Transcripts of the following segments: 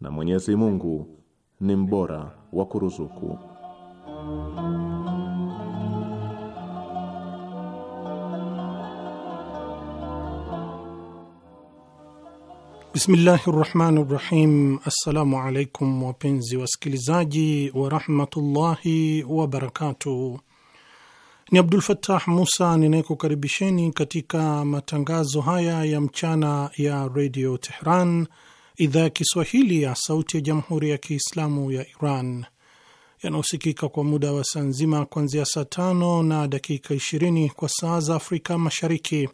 na Mwenyezi Mungu ni mbora wa kuruzuku. Bismillahi rahmani rahim. Assalamu alaikum wapenzi wasikilizaji warahmatullahi wabarakatuh. Ni Abdul Fattah Musa ninayekukaribisheni katika matangazo haya ya mchana ya redio Tehran, idhaa ya Kiswahili ya Sauti ya Jamhuri ya Kiislamu ya Iran yanayosikika kwa muda wa saa nzima kuanzia saa tano na dakika ishirini kwa saa za Afrika Mashariki,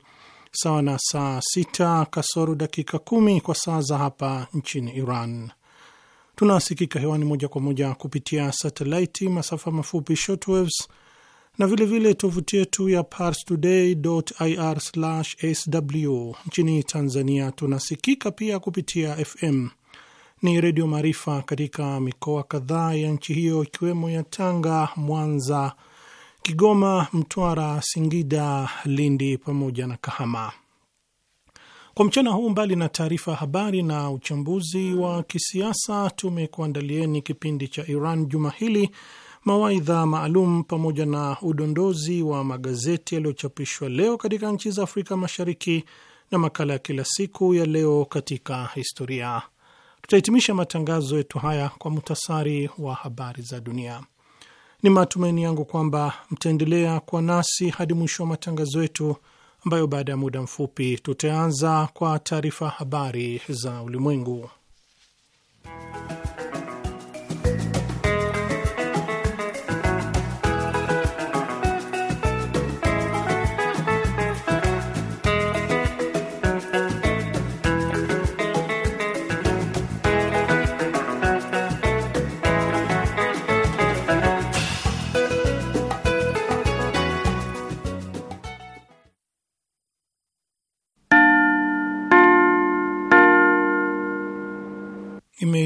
sawa na saa sita kasoro dakika kumi kwa saa za hapa nchini Iran. Tunasikika hewani moja kwa moja kupitia satelaiti, masafa mafupi shortwaves na vilevile tovuti yetu ya parstoday.ir/sw. Nchini Tanzania tunasikika pia kupitia FM ni Redio Maarifa katika mikoa kadhaa ya nchi hiyo ikiwemo ya Tanga, Mwanza, Kigoma, Mtwara, Singida, Lindi pamoja na Kahama. Kwa mchana huu, mbali na taarifa ya habari na uchambuzi wa kisiasa, tumekuandalieni kipindi cha Iran juma hili mawaidha maalum pamoja na udondozi wa magazeti yaliyochapishwa leo katika nchi za Afrika Mashariki na makala ya kila siku ya leo katika historia. Tutahitimisha matangazo yetu haya kwa muhtasari wa habari za dunia. Ni matumaini yangu kwamba mtaendelea kuwa nasi hadi mwisho wa matangazo yetu, ambayo baada ya muda mfupi tutaanza kwa taarifa habari za ulimwengu.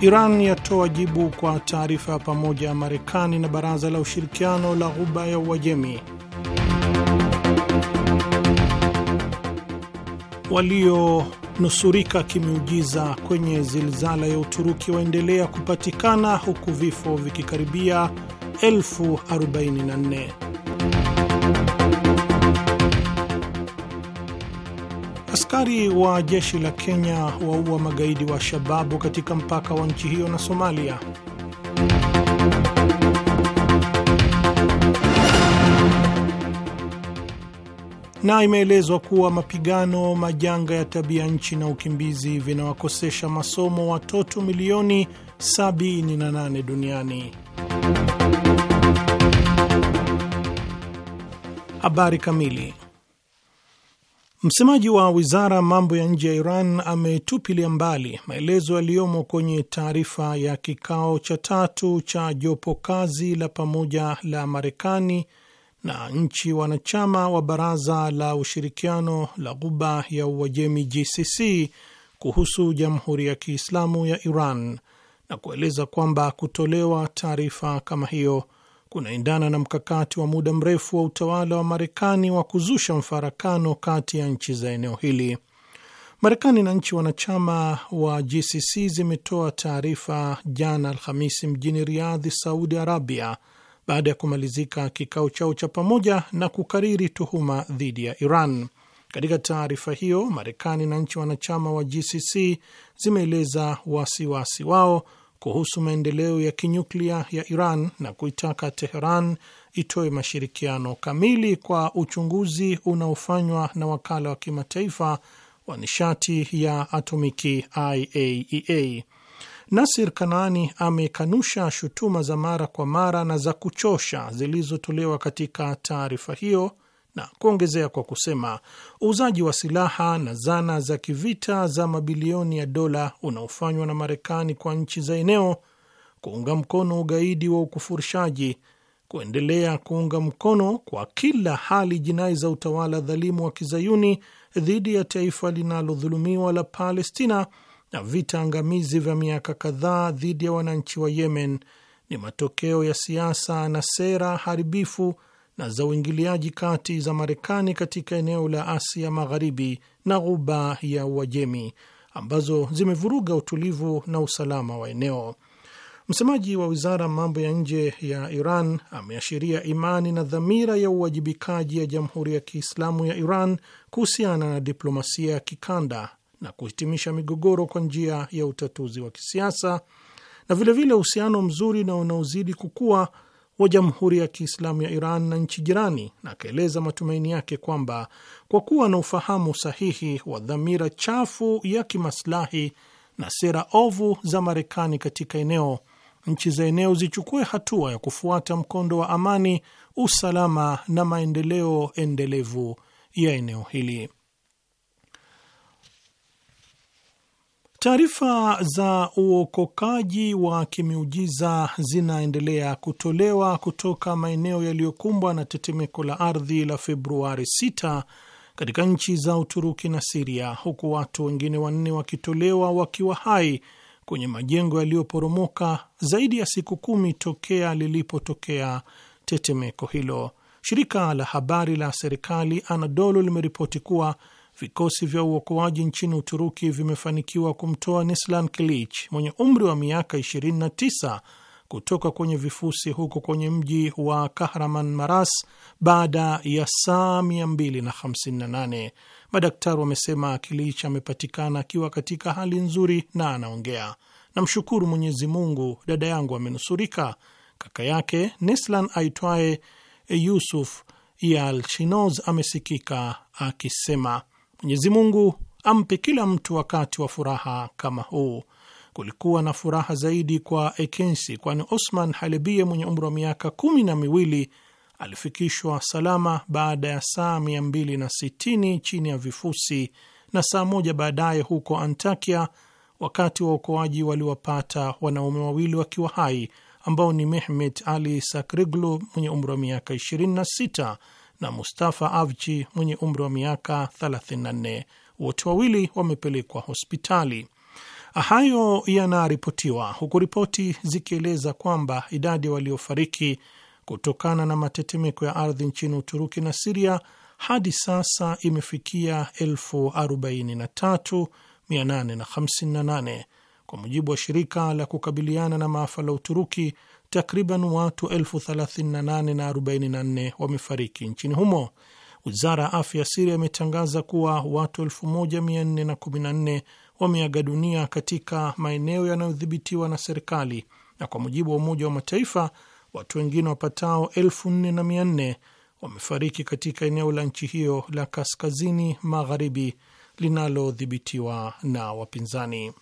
Iran yatoa jibu kwa taarifa ya pamoja ya Marekani na Baraza la Ushirikiano la Ghuba ya Uajemi. Walionusurika kimeujiza kwenye zilzala ya Uturuki waendelea kupatikana huku vifo vikikaribia elfu 44. Askari wa jeshi la Kenya waua magaidi wa Shababu katika mpaka wa nchi hiyo na Somalia. Na imeelezwa kuwa mapigano, majanga ya tabia nchi na ukimbizi vinawakosesha masomo watoto milioni 78 duniani. Habari kamili Msemaji wa wizara mambo ya nje ya Iran ametupilia mbali maelezo yaliyomo kwenye taarifa ya kikao cha tatu cha jopo kazi la pamoja la Marekani na nchi wanachama wa baraza la ushirikiano la Ghuba ya Uajemi GCC kuhusu Jamhuri ya Kiislamu ya Iran na kueleza kwamba kutolewa taarifa kama hiyo kunaendana na mkakati wa muda mrefu wa utawala wa Marekani wa kuzusha mfarakano kati ya nchi za eneo hili. Marekani na nchi wanachama wa GCC zimetoa taarifa jana Alhamisi mjini Riadhi, Saudi Arabia, baada ya kumalizika kikao chao cha pamoja na kukariri tuhuma dhidi ya Iran. Katika taarifa hiyo, Marekani na nchi wanachama wa GCC zimeeleza wasiwasi wao kuhusu maendeleo ya kinyuklia ya Iran na kuitaka Teheran itoe mashirikiano kamili kwa uchunguzi unaofanywa na wakala wa kimataifa wa nishati ya atomiki IAEA. E Nasir Kanani amekanusha shutuma za mara kwa mara na za kuchosha zilizotolewa katika taarifa hiyo na kuongezea kwa kusema uuzaji wa silaha na zana za kivita za mabilioni ya dola unaofanywa na Marekani kwa nchi za eneo, kuunga mkono ugaidi wa ukufurishaji, kuendelea kuunga mkono kwa kila hali jinai za utawala dhalimu wa kizayuni dhidi ya taifa linalodhulumiwa la Palestina na vita angamizi vya miaka kadhaa dhidi ya wananchi wa Yemen ni matokeo ya siasa na sera haribifu na za uingiliaji kati za Marekani katika eneo la Asia Magharibi na Ghuba ya Uajemi ambazo zimevuruga utulivu na usalama wa eneo. Msemaji wa wizara mambo ya nje ya Iran ameashiria imani na dhamira ya uwajibikaji ya Jamhuri ya Kiislamu ya Iran kuhusiana na diplomasia ya kikanda na kuhitimisha migogoro kwa njia ya utatuzi wa kisiasa na vilevile uhusiano mzuri na unaozidi kukua wa Jamhuri ya Kiislamu ya Iran na nchi jirani, na akaeleza matumaini yake kwamba kwa kuwa na ufahamu sahihi wa dhamira chafu ya kimaslahi na sera ovu za Marekani katika eneo, nchi za eneo zichukue hatua ya kufuata mkondo wa amani, usalama na maendeleo endelevu ya eneo hili. Taarifa za uokokaji wa kimiujiza zinaendelea kutolewa kutoka maeneo yaliyokumbwa na tetemeko la ardhi la Februari 6 katika nchi za Uturuki na Siria, huku watu wengine wanne wakitolewa wakiwa hai kwenye majengo yaliyoporomoka zaidi ya siku kumi tokea lilipotokea tetemeko hilo. Shirika la habari la serikali Anadolu limeripoti kuwa vikosi vya uokoaji nchini Uturuki vimefanikiwa kumtoa Neslan kilich mwenye umri wa miaka 29 kutoka kwenye vifusi huko kwenye mji wa Kahraman Maras baada ya saa 258. Madaktari wamesema kilich amepatikana akiwa katika hali nzuri na anaongea. Namshukuru Mwenyezi Mungu, dada yangu amenusurika. Kaka yake Neslan aitwaye Yusuf Yalchinoz amesikika akisema Mwenyezi Mungu ampe kila mtu wakati wa furaha kama huu. Kulikuwa na furaha zaidi kwa Ekensi, kwani Osman Halebie mwenye umri wa miaka kumi na miwili alifikishwa salama baada ya saa sitini chini ya vifusi, na saa moja baadaye huko Antakia, wakati wa waliwapata wanaume wawili wakiwa hai ambao ni Mehmet Ali Sakriglu mwenye umri wa miaka 26 na Mustafa Avchi mwenye umri wa miaka 34. Wote wawili wamepelekwa hospitali. Hayo yanaripotiwa huku ripoti zikieleza kwamba idadi waliofariki kutokana na matetemeko ya ardhi nchini Uturuki na Siria hadi sasa imefikia 43858 kwa mujibu wa shirika la kukabiliana na maafa la Uturuki takriban watu 38,044 wamefariki nchini humo. Wizara ya afya ya Siria imetangaza kuwa watu 1414 wameaga dunia katika maeneo yanayodhibitiwa na serikali, na kwa mujibu wa Umoja wa Mataifa watu wengine wapatao 4400 wamefariki katika eneo la nchi hiyo la kaskazini magharibi linalodhibitiwa na wapinzani.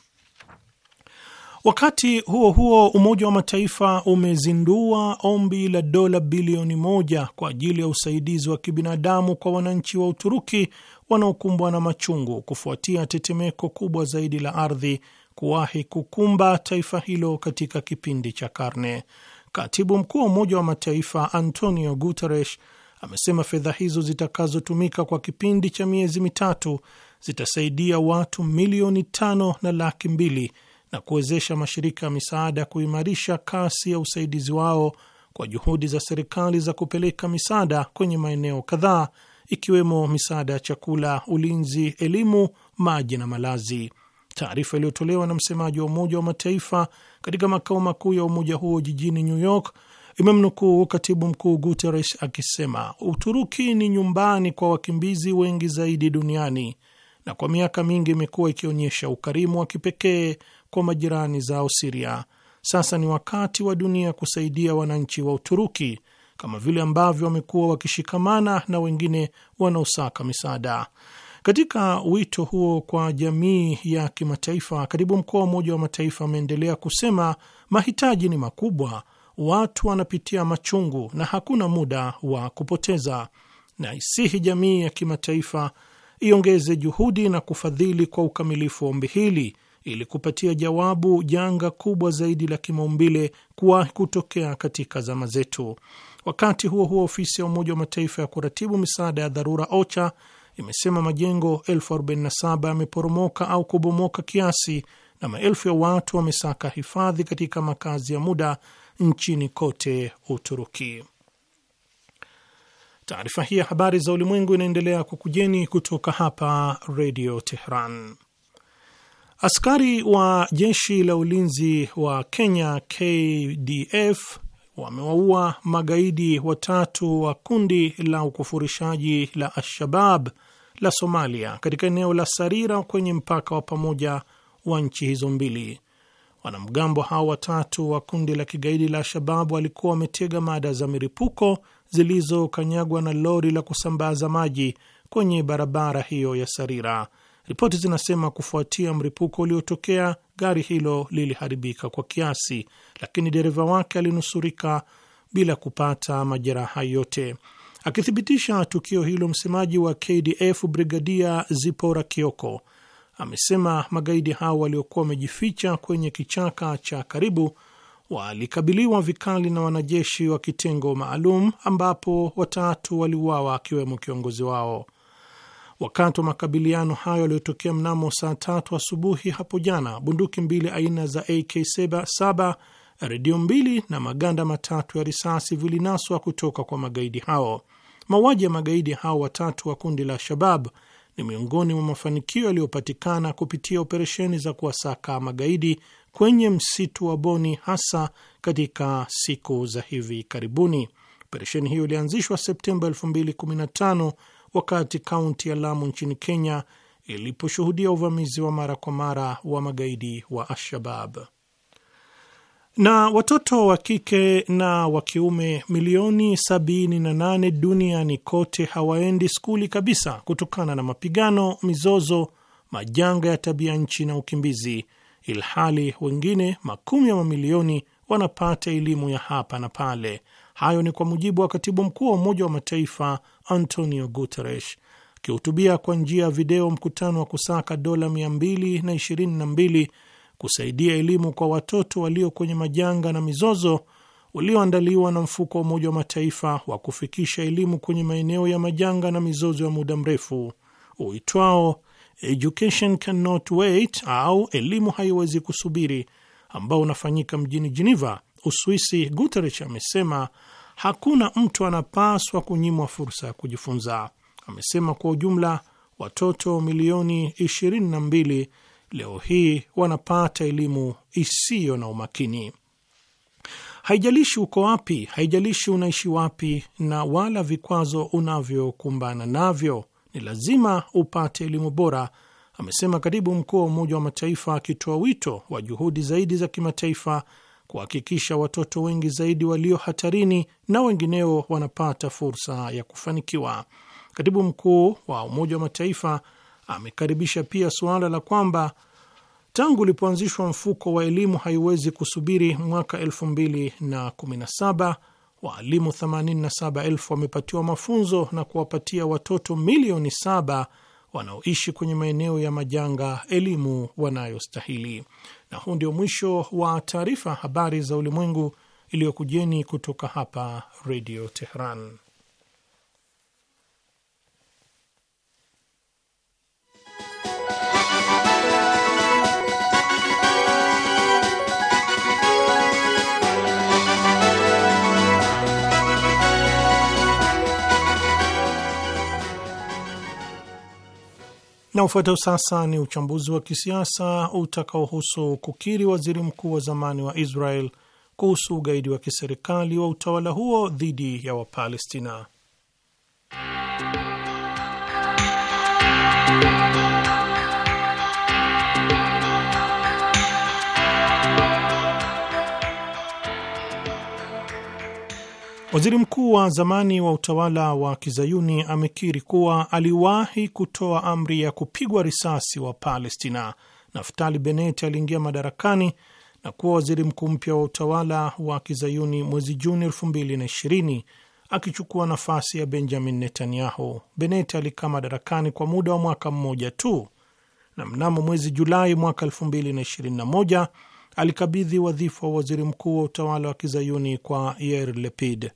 Wakati huo huo, Umoja wa Mataifa umezindua ombi la dola bilioni moja kwa ajili ya usaidizi wa kibinadamu kwa wananchi wa Uturuki wanaokumbwa na machungu kufuatia tetemeko kubwa zaidi la ardhi kuwahi kukumba taifa hilo katika kipindi cha karne. Katibu mkuu wa Umoja wa Mataifa Antonio Guterres amesema fedha hizo zitakazotumika kwa kipindi cha miezi mitatu zitasaidia watu milioni tano na laki mbili na kuwezesha mashirika ya misaada kuimarisha kasi ya usaidizi wao kwa juhudi za serikali za kupeleka misaada kwenye maeneo kadhaa ikiwemo misaada ya chakula, ulinzi, elimu, maji na malazi. Taarifa iliyotolewa na msemaji wa Umoja wa Mataifa katika makao makuu ya umoja huo jijini New York imemnukuu katibu mkuu Guterres akisema Uturuki ni nyumbani kwa wakimbizi wengi zaidi duniani na kwa miaka mingi imekuwa ikionyesha ukarimu wa kipekee kwa majirani zao Siria. Sasa ni wakati wa dunia kusaidia wananchi wa Uturuki kama vile ambavyo wamekuwa wakishikamana na wengine wanaosaka misaada. Katika wito huo kwa jamii ya kimataifa, katibu mkuu wa Umoja wa Mataifa ameendelea kusema mahitaji ni makubwa, watu wanapitia machungu na hakuna muda wa kupoteza, na isihi jamii ya kimataifa iongeze juhudi na kufadhili kwa ukamilifu ombi hili ili kupatia jawabu janga kubwa zaidi la kimaumbile kuwahi kutokea katika zama zetu. Wakati huo huo, ofisi ya Umoja wa Mataifa ya kuratibu misaada ya dharura OCHA imesema majengo 47 yameporomoka au kubomoka kiasi na maelfu ya watu wamesaka hifadhi katika makazi ya muda nchini kote Uturuki. Taarifa hii ya habari za ulimwengu inaendelea kukujeni kutoka hapa Redio Tehran. Askari wa jeshi la ulinzi wa Kenya KDF wamewaua magaidi watatu wa kundi la ukufurishaji la alshabab la Somalia katika eneo la Sarira kwenye mpaka wa pamoja wa nchi hizo mbili. Wanamgambo hao watatu wa kundi la kigaidi la alshabab shabab walikuwa wametega mada za miripuko zilizokanyagwa na lori la kusambaza maji kwenye barabara hiyo ya Sarira Ripoti zinasema kufuatia mlipuko uliotokea, gari hilo liliharibika kwa kiasi, lakini dereva wake alinusurika bila kupata majeraha yote. Akithibitisha tukio hilo, msemaji wa KDF Brigadia Zipora Kioko amesema magaidi hao waliokuwa wamejificha kwenye kichaka cha karibu walikabiliwa vikali na wanajeshi wa kitengo maalum ambapo watatu waliuawa akiwemo kiongozi wao. Wakati wa makabiliano hayo yaliyotokea mnamo saa tatu asubuhi hapo jana, bunduki mbili aina za AK7, redio mbili na maganda matatu ya risasi vilinaswa kutoka kwa magaidi hao. Mauaji ya magaidi hao watatu wa kundi la Shabab ni miongoni mwa mafanikio yaliyopatikana kupitia operesheni za kuwasaka magaidi kwenye msitu wa Boni, hasa katika siku za hivi karibuni. Operesheni hiyo ilianzishwa Septemba 2015 wakati kaunti ya Lamu nchini Kenya iliposhuhudia uvamizi wa mara kwa mara wa magaidi wa Al-Shabab. Na watoto wa kike na wa kiume milioni 78 duniani kote hawaendi skuli kabisa kutokana na mapigano, mizozo, majanga ya tabia nchi na ukimbizi, ilhali wengine makumi ya mamilioni wanapata elimu ya hapa na pale. Hayo ni kwa mujibu wa katibu mkuu wa Umoja wa Mataifa Antonio Guterres akihutubia kwa njia ya video mkutano wa kusaka dola 222 kusaidia elimu kwa watoto walio kwenye majanga na mizozo ulioandaliwa na mfuko wa Umoja wa Mataifa wa kufikisha elimu kwenye maeneo ya majanga na mizozo ya muda mrefu uitwao Education Cannot Wait au elimu haiwezi kusubiri, ambao unafanyika mjini Geneva, Uswisi. Guterres amesema hakuna mtu anapaswa kunyimwa fursa ya kujifunza. Amesema kwa ujumla watoto milioni 22 leo hii wanapata elimu isiyo na umakini. Haijalishi uko wapi, haijalishi unaishi wapi, na wala vikwazo unavyokumbana navyo, ni lazima upate elimu bora, amesema katibu mkuu wa Umoja wa Mataifa akitoa wito wa juhudi zaidi za kimataifa kuhakikisha watoto wengi zaidi walio hatarini na wengineo wanapata fursa ya kufanikiwa. Katibu mkuu wa Umoja wa Mataifa amekaribisha pia suala la kwamba tangu ulipoanzishwa mfuko wa elimu haiwezi kusubiri mwaka 2017 waalimu 87,000 wamepatiwa mafunzo na kuwapatia watoto milioni saba wanaoishi kwenye maeneo ya majanga elimu wanayostahili. Na huu ndio mwisho wa taarifa habari za ulimwengu iliyokujeni kutoka hapa Redio Teheran. Unaofuata sasa ni uchambuzi wa kisiasa utakaohusu kukiri waziri mkuu wa zamani wa Israel kuhusu ugaidi wa kiserikali wa utawala huo dhidi ya Wapalestina. Waziri mkuu wa zamani wa utawala wa kizayuni amekiri kuwa aliwahi kutoa amri ya kupigwa risasi wa Palestina. Naftali Bennett aliingia madarakani na kuwa waziri mkuu mpya wa utawala wa kizayuni mwezi Juni 2020 akichukua nafasi ya Benjamin Netanyahu. Bennett alikaa madarakani kwa muda wa mwaka mmoja tu, na mnamo mwezi Julai mwaka 2021 alikabidhi wadhifa wa waziri mkuu wa utawala wa kizayuni kwa Yair Lapid.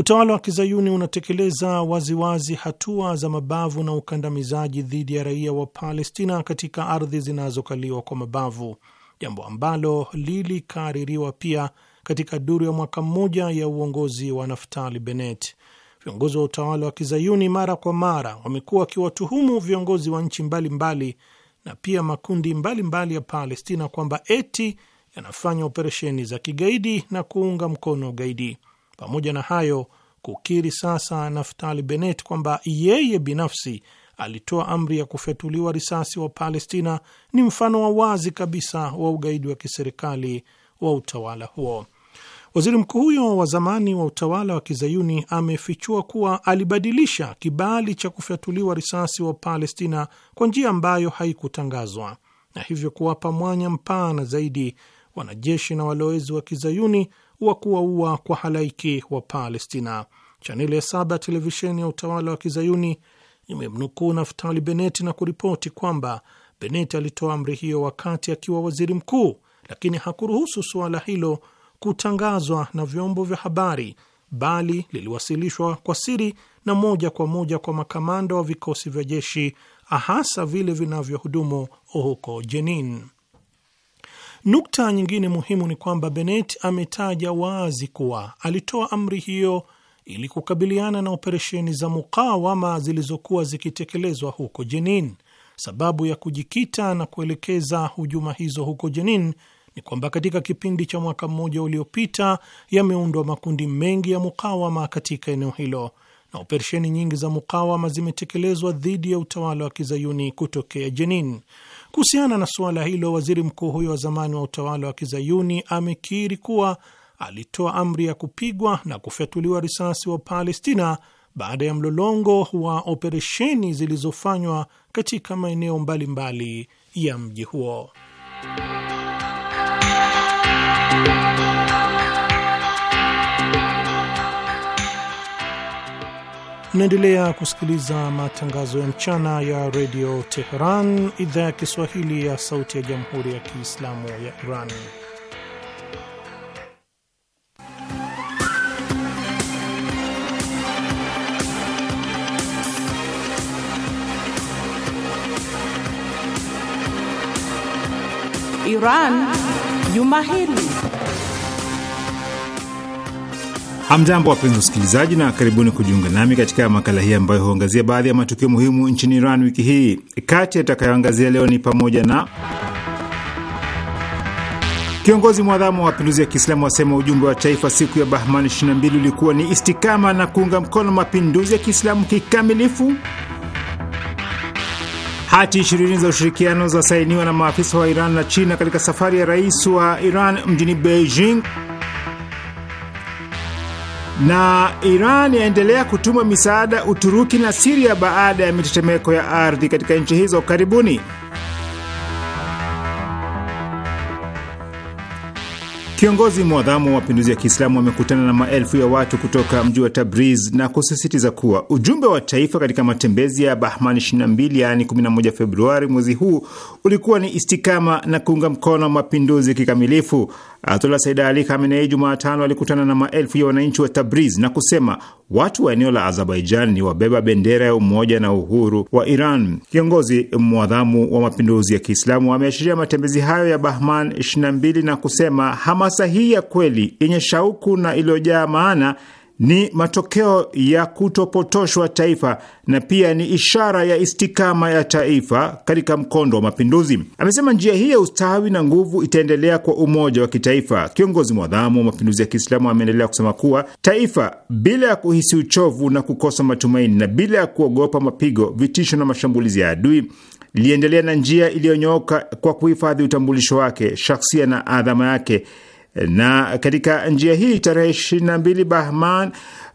Utawala wa kizayuni unatekeleza waziwazi wazi hatua za mabavu na ukandamizaji dhidi ya raia wa Palestina katika ardhi zinazokaliwa kwa mabavu, jambo ambalo lilikaririwa pia katika duru ya mwaka mmoja ya uongozi wa Naftali Bennett. Viongozi wa utawala wa kizayuni mara kwa mara wamekuwa wakiwatuhumu viongozi wa nchi mbalimbali mbali, na pia makundi mbalimbali mbali ya Palestina kwamba eti yanafanya operesheni za kigaidi na kuunga mkono ugaidi. Pamoja na hayo, kukiri sasa Naftali Bennett kwamba yeye binafsi alitoa amri ya kufyatuliwa risasi wa Palestina ni mfano wa wazi kabisa wa ugaidi wa kiserikali wa utawala huo. Waziri mkuu huyo wa zamani wa utawala wa kizayuni amefichua kuwa alibadilisha kibali cha kufyatuliwa risasi wa Palestina kwa njia ambayo haikutangazwa na hivyo kuwapa mwanya mpana zaidi wanajeshi na walowezi wa kizayuni wa kuwaua kwa halaiki wa Palestina. Chaneli ya saba ya televisheni ya utawala wa kizayuni imemnukuu Naftali Beneti na kuripoti kwamba Beneti alitoa amri hiyo wakati akiwa waziri mkuu, lakini hakuruhusu suala hilo kutangazwa na vyombo vya habari, bali liliwasilishwa kwa siri na moja kwa moja kwa makamanda wa vikosi vya jeshi, hasa vile vinavyohudumu huko Jenin. Nukta nyingine muhimu ni kwamba benet ametaja wazi kuwa alitoa amri hiyo ili kukabiliana na operesheni za mukawama zilizokuwa zikitekelezwa huko Jenin. Sababu ya kujikita na kuelekeza hujuma hizo huko Jenin ni kwamba katika kipindi cha mwaka mmoja uliopita yameundwa makundi mengi ya mukawama katika eneo hilo na operesheni nyingi za mukawama zimetekelezwa dhidi ya utawala wa kizayuni kutokea Jenin. Kuhusiana na suala hilo, waziri mkuu huyo wa zamani wa utawala wa kizayuni amekiri kuwa alitoa amri ya kupigwa na kufyatuliwa risasi wa Palestina baada ya mlolongo wa operesheni zilizofanywa katika maeneo mbalimbali ya mji huo. Unaendelea kusikiliza matangazo ya mchana ya redio Teheran, idhaa ya Kiswahili ya sauti ya jamhuri ya kiislamu ya Iran. Iran Juma Hili. Hamjambo, wapenzi wasikilizaji, na karibuni kujiunga nami katika makala hii ambayo huangazia baadhi ya matukio muhimu nchini Iran wiki hii. Kati yatakayoangazia leo ni pamoja na kiongozi mwadhamu wa mapinduzi ya Kiislamu wasema ujumbe wa taifa siku ya Bahman 22 ulikuwa ni istikama na kuunga mkono mapinduzi ya Kiislamu kikamilifu. Hati ishirini za ushirikiano zasainiwa na maafisa wa Iran na China katika safari ya rais wa Iran mjini Beijing na Iran yaendelea kutuma misaada Uturuki na Siria baada ya mitetemeko ya ardhi katika nchi hizo. Karibuni. Kiongozi mwadhamu wa mapinduzi ya Kiislamu wamekutana na maelfu ya watu kutoka mji wa Tabriz na kusisitiza kuwa ujumbe wa taifa katika matembezi ya Bahman 22 yaani 11 Februari mwezi huu ulikuwa ni istikama na kuunga mkono mapinduzi kikamilifu. Ayatollah Said Ali Khamenei Jumatano alikutana na maelfu ya wananchi wa Tabriz na kusema watu wa eneo la Azerbaijan ni wabeba bendera ya umoja na uhuru wa Iran. Kiongozi mwadhamu wa mapinduzi ya Kiislamu ameashiria matembezi hayo ya Bahman 22 na kusema hamasa hii ya kweli yenye shauku na iliyojaa maana ni matokeo ya kutopotoshwa taifa na pia ni ishara ya istikama ya taifa katika mkondo wa mapinduzi. Amesema njia hii ya ustawi na nguvu itaendelea kwa umoja wa kitaifa. Kiongozi mwadhamu wa mapinduzi ya Kiislamu ameendelea kusema kuwa taifa bila ya kuhisi uchovu na kukosa matumaini na bila ya kuogopa mapigo, vitisho na mashambulizi ya adui liliendelea na njia iliyonyooka kwa kuhifadhi utambulisho wake, shaksia na adhama yake na katika njia hii tarehe mbili Bahman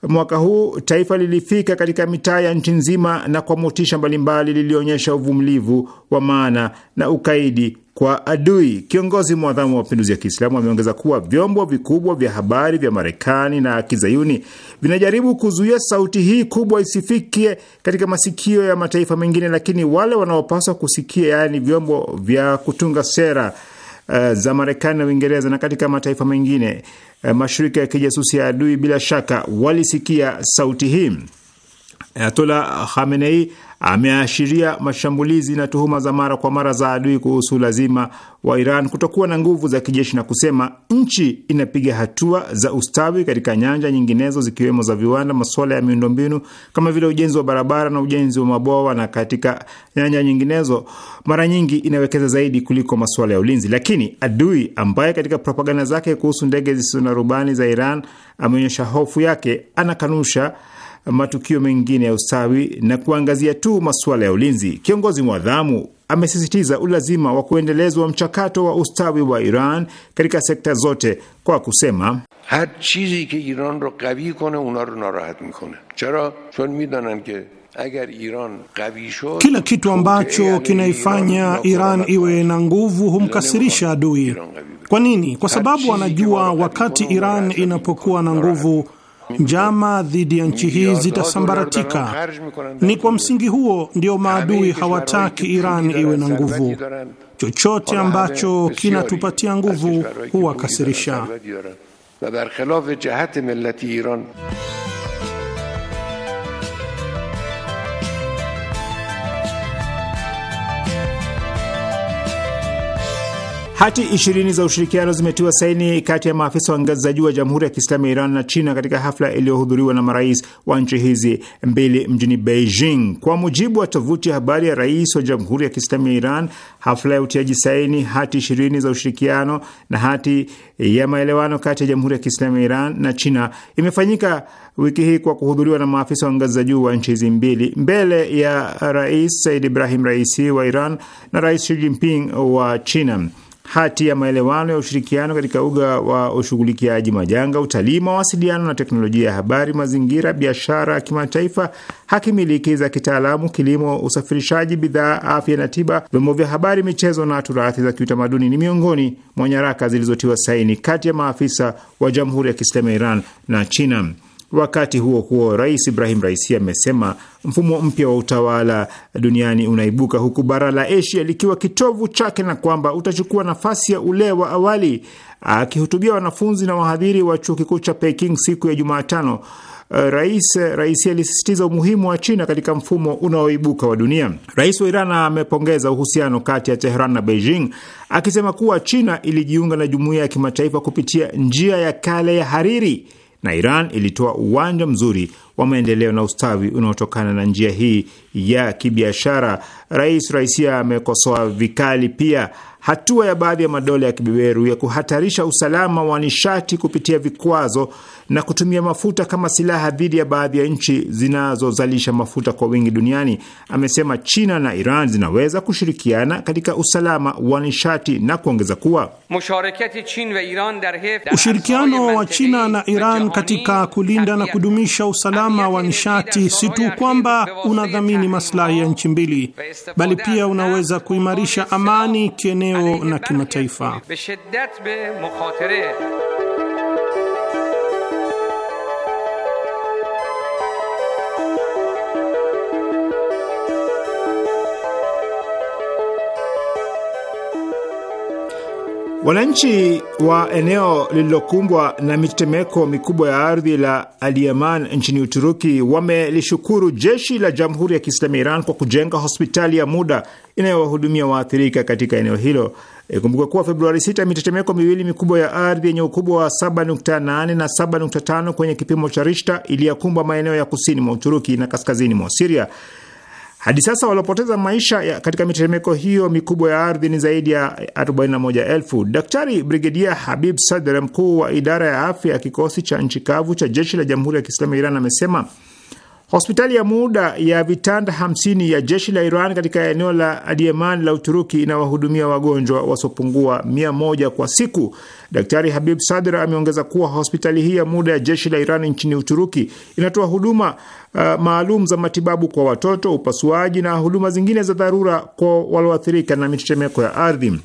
mwaka huu taifa lilifika katika mitaa ya nchi nzima, na kwa motisha mbalimbali lilionyesha uvumilivu wa maana na ukaidi kwa adui. Kiongozi mwadhamu wa mapinduzi ya Kiislamu ameongeza kuwa vyombo vikubwa vya habari vya Marekani na kizayuni vinajaribu kuzuia sauti hii kubwa isifikie katika masikio ya mataifa mengine, lakini wale wanaopaswa kusikia, yaani vyombo vya kutunga sera uh, za Marekani na Uingereza na katika mataifa mengine uh, mashirika ya kijasusi ya adui bila shaka walisikia sauti hii. Ayatola Khamenei ameashiria mashambulizi na tuhuma za mara kwa mara za adui kuhusu lazima wa Iran kutokuwa na nguvu za kijeshi na kusema nchi inapiga hatua za ustawi katika nyanja nyinginezo zikiwemo za viwanda, masuala ya miundombinu kama vile ujenzi wa barabara na ujenzi wa mabwawa, na katika nyanja nyinginezo mara nyingi inawekeza zaidi kuliko masuala ya ulinzi. Lakini adui ambaye katika propaganda zake kuhusu ndege zisizo na rubani za Iran ameonyesha hofu yake, anakanusha matukio mengine ya ustawi na kuangazia tu masuala ya ulinzi. Kiongozi mwadhamu amesisitiza ulazima wa kuendelezwa mchakato wa ustawi wa Iran katika sekta zote kwa kusema, har chizi ke iran ro kone una ro narahat mikone chara chon midanan ke kila kitu ambacho kinaifanya Iran iwe na nguvu humkasirisha adui. Kwa nini? Kwa sababu anajua wakati Iran inapokuwa na nguvu njama dhidi ya nchi hii zitasambaratika. Ni kwa msingi huo ndio maadui hawataki Iran iwe na nguvu. Chochote ambacho kinatupatia nguvu huwakasirisha. Hati ishirini za ushirikiano zimetiwa saini kati ya maafisa wa ngazi za juu wa Jamhuri ya Kiislamu ya Iran na China katika hafla iliyohudhuriwa na marais wa nchi hizi mbili mjini Beijing. Kwa mujibu wa tovuti ya habari ya rais wa Jamhuri ya Kiislamu ya Iran, hafla ya utiaji saini hati ishirini za ushirikiano na hati ya maelewano kati ya Jamhuri ya Kiislamu ya Iran na China imefanyika wiki hii kwa kuhudhuriwa na maafisa wa ngazi za juu wa nchi hizi mbili mbele ya Rais Said Ibrahim Raisi wa Iran na Rais Xi Jinping wa China hati ya maelewano ya ushirikiano katika uga wa ushughulikiaji majanga, utalii, mawasiliano na teknolojia ya habari, mazingira, biashara ya kimataifa, haki miliki za kitaalamu, kilimo, usafirishaji bidhaa, afya na tiba, vyombo vya habari, michezo na turathi za kiutamaduni ni miongoni mwa nyaraka zilizotiwa saini kati ya maafisa wa Jamhuri ya Kiislamu ya Iran na China. Wakati huo huo, Rais Ibrahim Raisi amesema mfumo mpya wa utawala duniani unaibuka huku bara la Asia likiwa kitovu chake na kwamba utachukua nafasi ya ule wa awali. Akihutubia wanafunzi na wahadhiri wa chuo kikuu cha Peking siku ya Jumatano, eh, Rais Raisi alisisitiza umuhimu wa China katika mfumo unaoibuka wa dunia. Rais wa Iran amepongeza uhusiano kati ya Tehran na Beijing akisema kuwa China ilijiunga na jumuiya ya kimataifa kupitia njia ya kale ya Hariri na Iran ilitoa uwanja mzuri wa maendeleo na ustawi unaotokana na njia hii ya kibiashara. Rais Raisia amekosoa vikali pia hatua ya baadhi ya madola ya kibeberu ya kuhatarisha usalama wa nishati kupitia vikwazo na kutumia mafuta kama silaha dhidi ya baadhi ya nchi zinazozalisha mafuta kwa wingi duniani. Amesema China na Iran zinaweza kushirikiana katika usalama wa nishati na kuongeza kuwa ushirikiano wa China na Iran katika kulinda na kudumisha usalama usalama wa nishati si tu kwamba unadhamini maslahi ya nchi mbili, bali pia unaweza kuimarisha amani kieneo na kimataifa. Wananchi wa eneo lililokumbwa na mitetemeko mikubwa ya ardhi la Aliyaman nchini Uturuki wamelishukuru jeshi la Jamhuri ya Kiislamu ya Iran kwa kujenga hospitali ya muda inayowahudumia waathirika katika eneo hilo. Ikumbuka kuwa Februari 6 mitetemeko miwili mikubwa ya ardhi yenye ukubwa wa 7.8 na 7.5 kwenye kipimo cha rishta iliyakumbwa maeneo ya kusini mwa Uturuki na kaskazini mwa Siria. Hadi sasa waliopoteza maisha katika mitetemeko hiyo mikubwa ya ardhi ni zaidi ya 41,000. Daktari Brigedia Habib Sadr, mkuu wa idara ya afya ya kikosi cha nchi kavu cha jeshi la Jamhuri ya Kiislamu ya Iran, amesema Hospitali ya muda ya vitanda 50 ya jeshi la Iran katika eneo la Adieman la Uturuki inawahudumia wagonjwa wasiopungua mia moja kwa siku. Daktari Habib Sadr ameongeza kuwa hospitali hii ya muda ya jeshi la Iran nchini Uturuki inatoa huduma uh, maalum za matibabu kwa watoto, upasuaji na huduma zingine za dharura kwa walioathirika na mitetemeko ya ardhi.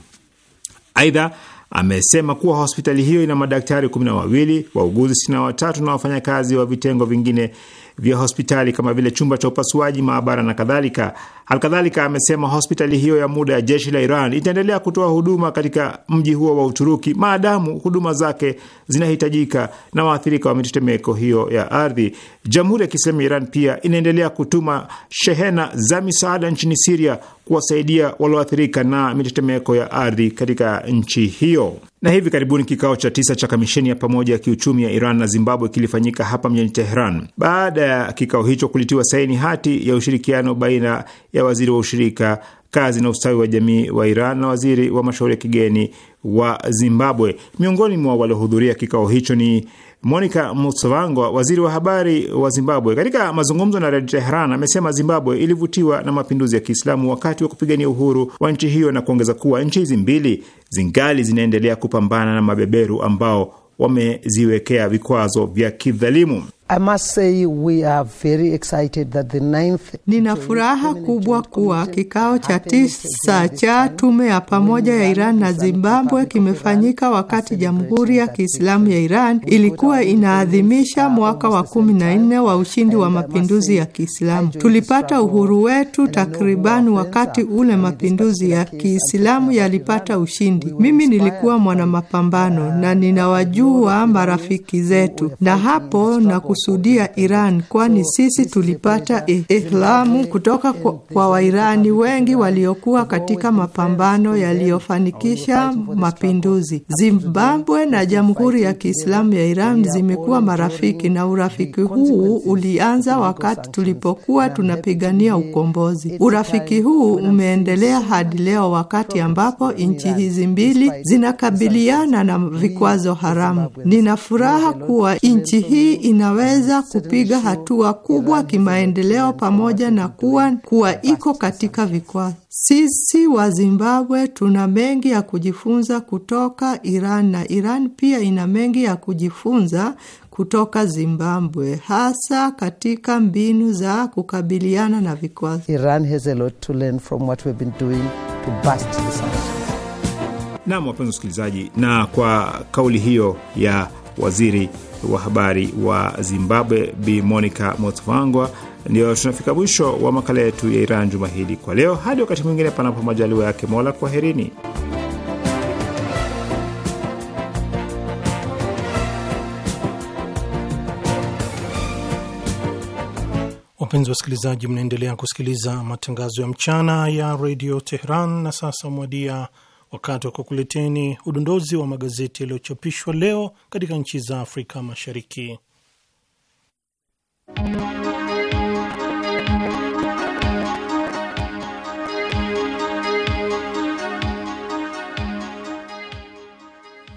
Aidha, amesema kuwa hospitali hiyo ina madaktari kumi na wawili, wauguzi sitini na watatu na wafanyakazi wa vitengo vingine vya hospitali kama vile chumba cha upasuaji, maabara na kadhalika. alkadhalika amesema hospitali hiyo ya muda ya jeshi la Iran itaendelea kutoa huduma katika mji huo wa Uturuki maadamu huduma zake zinahitajika na waathirika wa mitetemeko hiyo ya ardhi. Jamhuri ya Kiislamu ya Iran pia inaendelea kutuma shehena za misaada nchini Siria kuwasaidia walioathirika na mitetemeko ya ardhi katika nchi hiyo. Na hivi karibuni kikao cha tisa cha kamisheni ya pamoja ya kiuchumi ya Iran na Zimbabwe kilifanyika hapa mjini Teheran. Baada ya kikao hicho, kulitiwa saini hati ya ushirikiano baina ya waziri wa ushirika kazi na ustawi wa jamii wa Iran na waziri wa mashauri ya kigeni wa Zimbabwe. Miongoni mwa waliohudhuria kikao hicho ni Monica Mutsvango, waziri wa habari wa Zimbabwe, katika mazungumzo na Radio Tehran amesema Zimbabwe ilivutiwa na mapinduzi ya Kiislamu wakati wa kupigania uhuru wa nchi hiyo na kuongeza kuwa nchi hizi mbili zingali zinaendelea kupambana na mabeberu ambao wameziwekea vikwazo vya kidhalimu. I must say we are very excited that the ninth... Nina furaha kubwa kuwa kikao cha tisa cha tume ya pamoja ya Iran na Zimbabwe kimefanyika wakati Jamhuri ya Kiislamu ya Iran ilikuwa inaadhimisha mwaka wa kumi na nne wa ushindi wa mapinduzi ya Kiislamu. Tulipata uhuru wetu takriban wakati ule mapinduzi ya Kiislamu yalipata ushindi. Mimi nilikuwa mwanamapambano uh, na ninawajua marafiki zetu na hapo na kukusudia Iran, kwani sisi tulipata ihlamu kutoka kwa, Wairani wengi waliokuwa katika mapambano yaliyofanikisha mapinduzi. Zimbabwe na Jamhuri ya Kiislamu ya Iran zimekuwa marafiki na urafiki huu ulianza wakati tulipokuwa tunapigania ukombozi. Urafiki huu umeendelea hadi leo wakati ambapo nchi hizi mbili zinakabiliana na vikwazo haramu. Nina furaha kuwa nchi hii inaweza imeweza kupiga hatua kubwa kimaendeleo pamoja na kuwa kuwa iko katika vikwazo. Sisi wa Zimbabwe tuna mengi ya kujifunza kutoka Iran na Iran pia ina mengi ya kujifunza kutoka Zimbabwe hasa katika mbinu za kukabiliana na vikwazo. Iran has a lot to learn from what we've been doing to bust Naam, wapenzi wasikilizaji, na kwa kauli hiyo ya waziri wa habari wa Zimbabwe Bi Monica Motvangwa. Ndio tunafika mwisho wa makala yetu ya Iran juma hili kwa leo. Hadi wakati mwingine, panapo majaliwa yake Mola, kwaherini. Wapenzi wasikilizaji, mnaendelea kusikiliza matangazo ya mchana ya redio teheran na sasa mwadia wakati wa kukuleteni udondozi wa magazeti yaliyochapishwa leo katika nchi za Afrika Mashariki.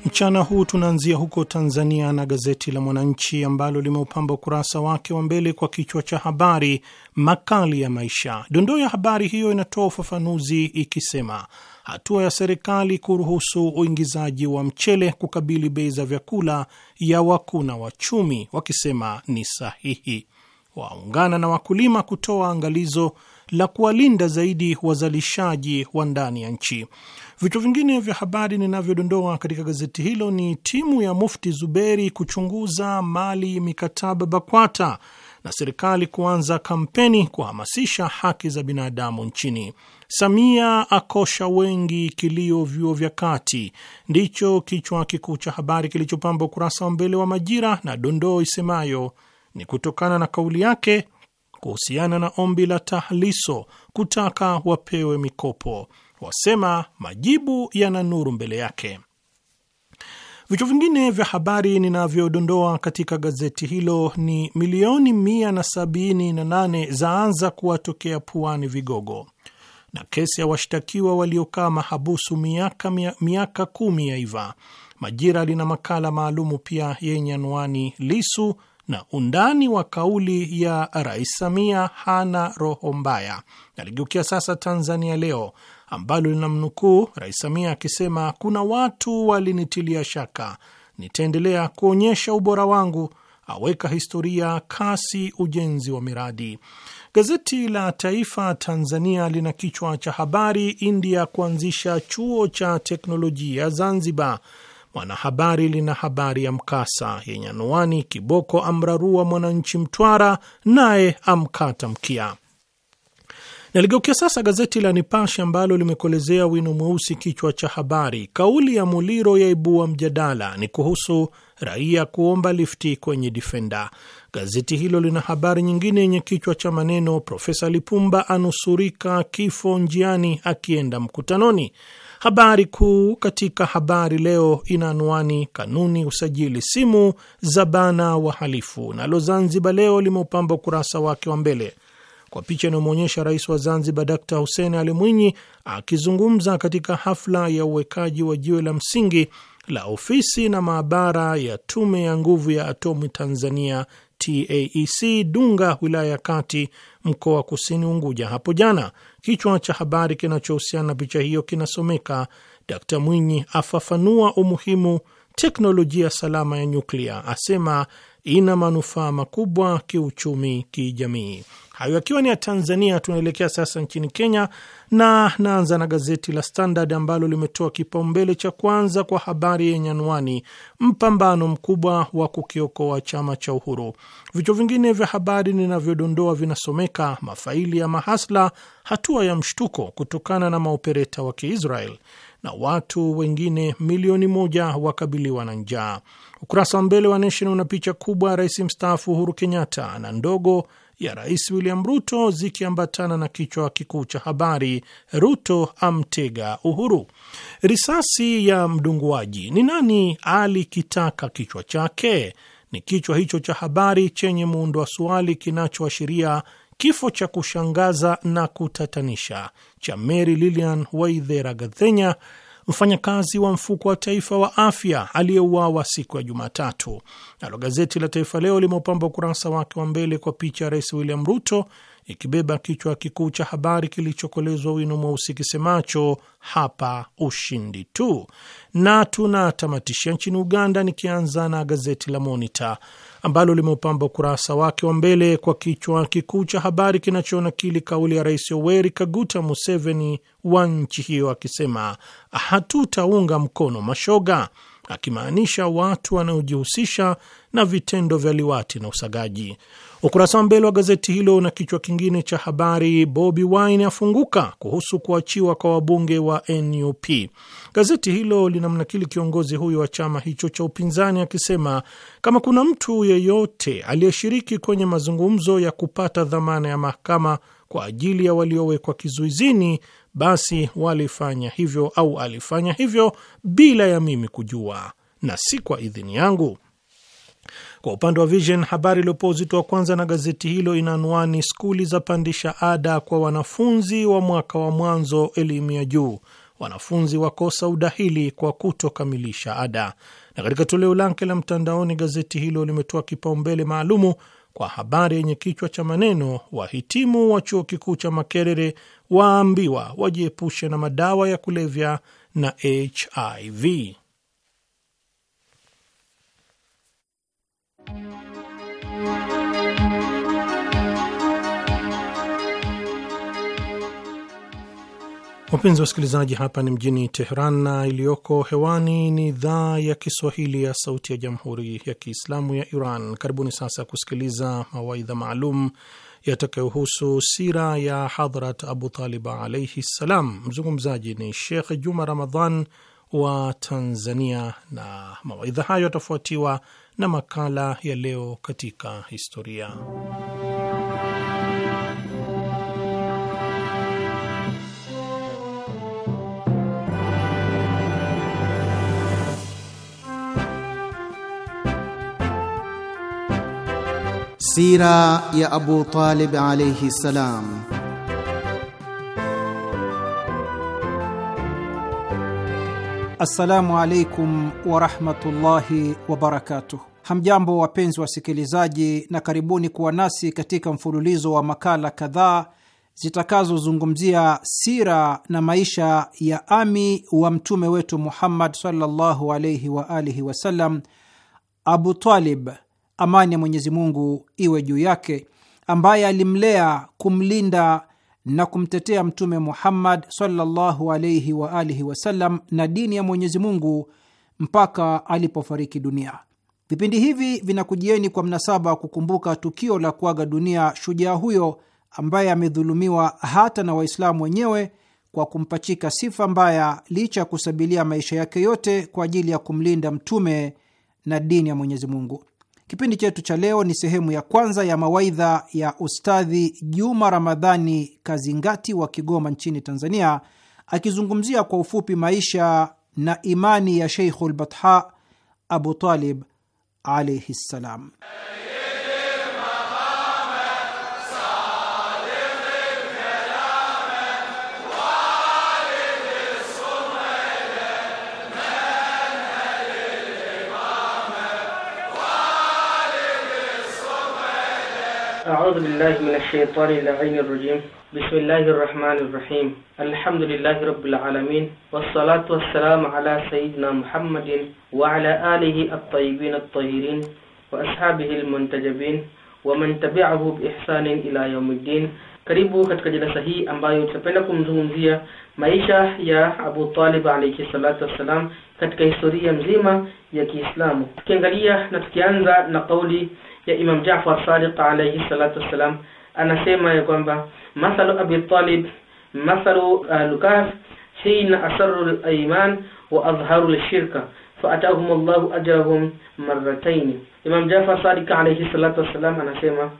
Mchana huu tunaanzia huko Tanzania na gazeti la Mwananchi ambalo limeupamba ukurasa wake wa mbele kwa kichwa cha habari makali ya maisha. Dondoo ya habari hiyo inatoa ufafanuzi ikisema hatua ya serikali kuruhusu uingizaji wa mchele kukabili bei za vyakula ya wakuna wachumi wakisema ni sahihi. Waungana na wakulima kutoa angalizo la kuwalinda zaidi wazalishaji wa ndani ya nchi. Vichwa vingine vya habari ninavyodondoa katika gazeti hilo ni timu ya Mufti Zuberi kuchunguza mali mikataba BAKWATA na serikali kuanza kampeni kuhamasisha haki za binadamu nchini. Samia akosha wengi kilio vyuo vya kati, ndicho kichwa kikuu cha habari kilichopamba ukurasa wa mbele wa Majira, na dondoo isemayo ni kutokana na kauli yake kuhusiana na ombi la Tahliso kutaka wapewe mikopo, wasema majibu yana nuru mbele yake. Vichwa vingine vya habari ninavyodondoa katika gazeti hilo ni milioni 178 zaanza kuwatokea puani vigogo na kesi ya washtakiwa waliokaa mahabusu miaka, miaka kumi ya iva. Majira lina makala maalumu pia yenye anwani Lisu na undani wa kauli ya Rais Samia hana roho mbaya. Naligeukia sasa Tanzania Leo ambalo linamnukuu Rais Samia akisema kuna watu walinitilia shaka, nitaendelea kuonyesha ubora wangu, aweka historia kasi ujenzi wa miradi. Gazeti la Taifa Tanzania lina kichwa cha habari, India kuanzisha chuo cha teknolojia Zanzibar. Mwanahabari lina habari ya mkasa yenye anwani, Kiboko amrarua mwananchi Mtwara naye amkata mkia. Naligeukia sasa gazeti la Nipashe ambalo limekolezea wino mweusi kichwa cha habari, kauli ya Muliro yaibua mjadala, ni kuhusu raia kuomba lifti kwenye Difenda. Gazeti hilo lina habari nyingine yenye kichwa cha maneno, Profesa Lipumba anusurika kifo njiani akienda mkutanoni. Habari kuu katika Habari Leo ina anwani kanuni usajili simu za bana wahalifu. Nalo Zanzibar Leo limeupamba ukurasa wake wa mbele kwa picha inayomwonyesha rais wa Zanzibar Dkt Hussein Ali Mwinyi akizungumza katika hafla ya uwekaji wa jiwe la msingi la ofisi na maabara ya Tume ya Nguvu ya Atomi Tanzania TAEC Dunga, wilaya ya Kati, mkoa wa Kusini Unguja hapo jana. Kichwa cha habari kinachohusiana na picha hiyo kinasomeka Dkt Mwinyi afafanua umuhimu teknolojia salama ya nyuklia, asema ina manufaa makubwa kiuchumi, kijamii. Hayo akiwa ni ya Tanzania. Tunaelekea sasa nchini Kenya na naanza na gazeti la Standard ambalo limetoa kipaumbele cha kwanza kwa habari yenye anwani mpambano mkubwa wa kukiokoa chama cha Uhuru. Vichwa vingine vya habari ninavyodondoa vinasomeka mafaili ya mahasla, hatua ya mshtuko kutokana na maopereta wa Kiisrael, na watu wengine milioni moja wakabiliwa na njaa. Ukurasa wa mbele wa Nation una picha kubwa rais mstaafu Uhuru Kenyatta na ndogo ya rais William Ruto zikiambatana na kichwa kikuu cha habari, Ruto amtega Uhuru. Risasi ya mdunguaji ni nani alikitaka kichwa chake? Ni kichwa hicho cha habari chenye muundo wa swali kinachoashiria kifo cha kushangaza na kutatanisha cha Mary Lilian Waithera Gathenya, mfanyakazi wa mfuko wa taifa wa afya aliyeuawa siku ya Jumatatu. Nalo gazeti la Taifa Leo limeupamba ukurasa wake wa mbele kwa picha ya Rais William Ruto ikibeba kichwa kikuu cha habari kilichokolezwa wino mweusi kisemacho hapa ushindi tu. Na tunatamatishia nchini Uganda, nikianza na gazeti la Monitor ambalo limeupamba ukurasa wake wa mbele kwa kichwa kikuu cha habari kinachonakili kauli ya Rais Yoweri Kaguta Museveni wa nchi hiyo akisema, hatutaunga mkono mashoga, akimaanisha watu wanaojihusisha na vitendo vya liwati na usagaji. Ukurasa wa mbele wa gazeti hilo na kichwa kingine cha habari, Bobi Wine afunguka kuhusu kuachiwa kwa wabunge wa NUP. Gazeti hilo linamnakili kiongozi huyo wa chama hicho cha upinzani akisema, kama kuna mtu yeyote aliyeshiriki kwenye mazungumzo ya kupata dhamana ya mahakama kwa ajili ya waliowekwa kizuizini, basi walifanya hivyo au alifanya hivyo bila ya mimi kujua na si kwa idhini yangu. Kwa upande wa Vision, habari iliyopewa uzito wa kwanza na gazeti hilo ina anwani skuli za pandisha ada kwa wanafunzi wa mwaka wa mwanzo elimu ya juu, wanafunzi wakosa udahili kwa kutokamilisha ada. Na katika toleo lake la mtandaoni, gazeti hilo limetoa kipaumbele maalumu kwa habari yenye kichwa cha maneno wahitimu wa chuo kikuu cha Makerere waambiwa wajiepushe na madawa ya kulevya na HIV. Wapenzi wa wasikilizaji, hapa ni mjini Teheran na iliyoko hewani ni idhaa ya Kiswahili ya Sauti ya Jamhuri ya Kiislamu ya Iran. Karibuni sasa kusikiliza mawaidha maalum yatakayohusu sira ya Hadhrat Abu Talib alaihi ssalam. Mzungumzaji ni shekh Juma Ramadhan wa Tanzania, na mawaidha hayo yatafuatiwa na makala ya leo katika historia. Sira ya Abu Talib alayhi salam. Assalamu alaikum warahmatullahi wabarakatuh. Hamjambo wapenzi wasikilizaji, na karibuni kuwa nasi katika mfululizo wa makala kadhaa zitakazozungumzia sira na maisha ya ami wa mtume wetu Muhammad sallallahu alaihi wa alihi wasallam, Abu Talib, amani ya Mwenyezi Mungu iwe juu yake, ambaye alimlea, kumlinda na kumtetea Mtume Muhammad sallallahu wa alihi wasallam na dini ya Mwenyezi Mungu mpaka alipofariki dunia. Vipindi hivi vinakujieni kwa mnasaba wa kukumbuka tukio la kuaga dunia shujaa huyo ambaye amedhulumiwa hata na Waislamu wenyewe kwa kumpachika sifa mbaya licha ya kusabilia maisha yake yote kwa ajili ya kumlinda mtume na dini ya Mwenyezi Mungu. Kipindi chetu cha leo ni sehemu ya kwanza ya mawaidha ya Ustadhi Juma Ramadhani Kazingati wa Kigoma nchini Tanzania, akizungumzia kwa ufupi maisha na imani ya Sheikhul Batha Abu Talib alaihi ssalam. أعوذ بالله من الشيطان اللعين الرجيم بسم الله الرحمن الرحيم الحمد لله رب العالمين والصلاة والسلام على سيدنا محمد وعلى آله الطيبين الطاهرين وأصحابه المنتجبين ومن تبعه بإحسان إلى يوم الدين karibu katika jalsa hii ambayo tutapenda kumzungumzia maisha ya abu talib alayhi salatu wassalam katika historia mzima ya kiislamu tukiangalia na tukianza na kauli ya Imam Jafar Sadiq alayhi salatu wassalam anasema ya kwamba mathalu Abi Talib mathalu Lukas hina asarru al-iman wa azharu al-shirka faatahum Allahu ajrahum marratayn. Imam Jafar Sadiq alayhi salatu wassalam anasema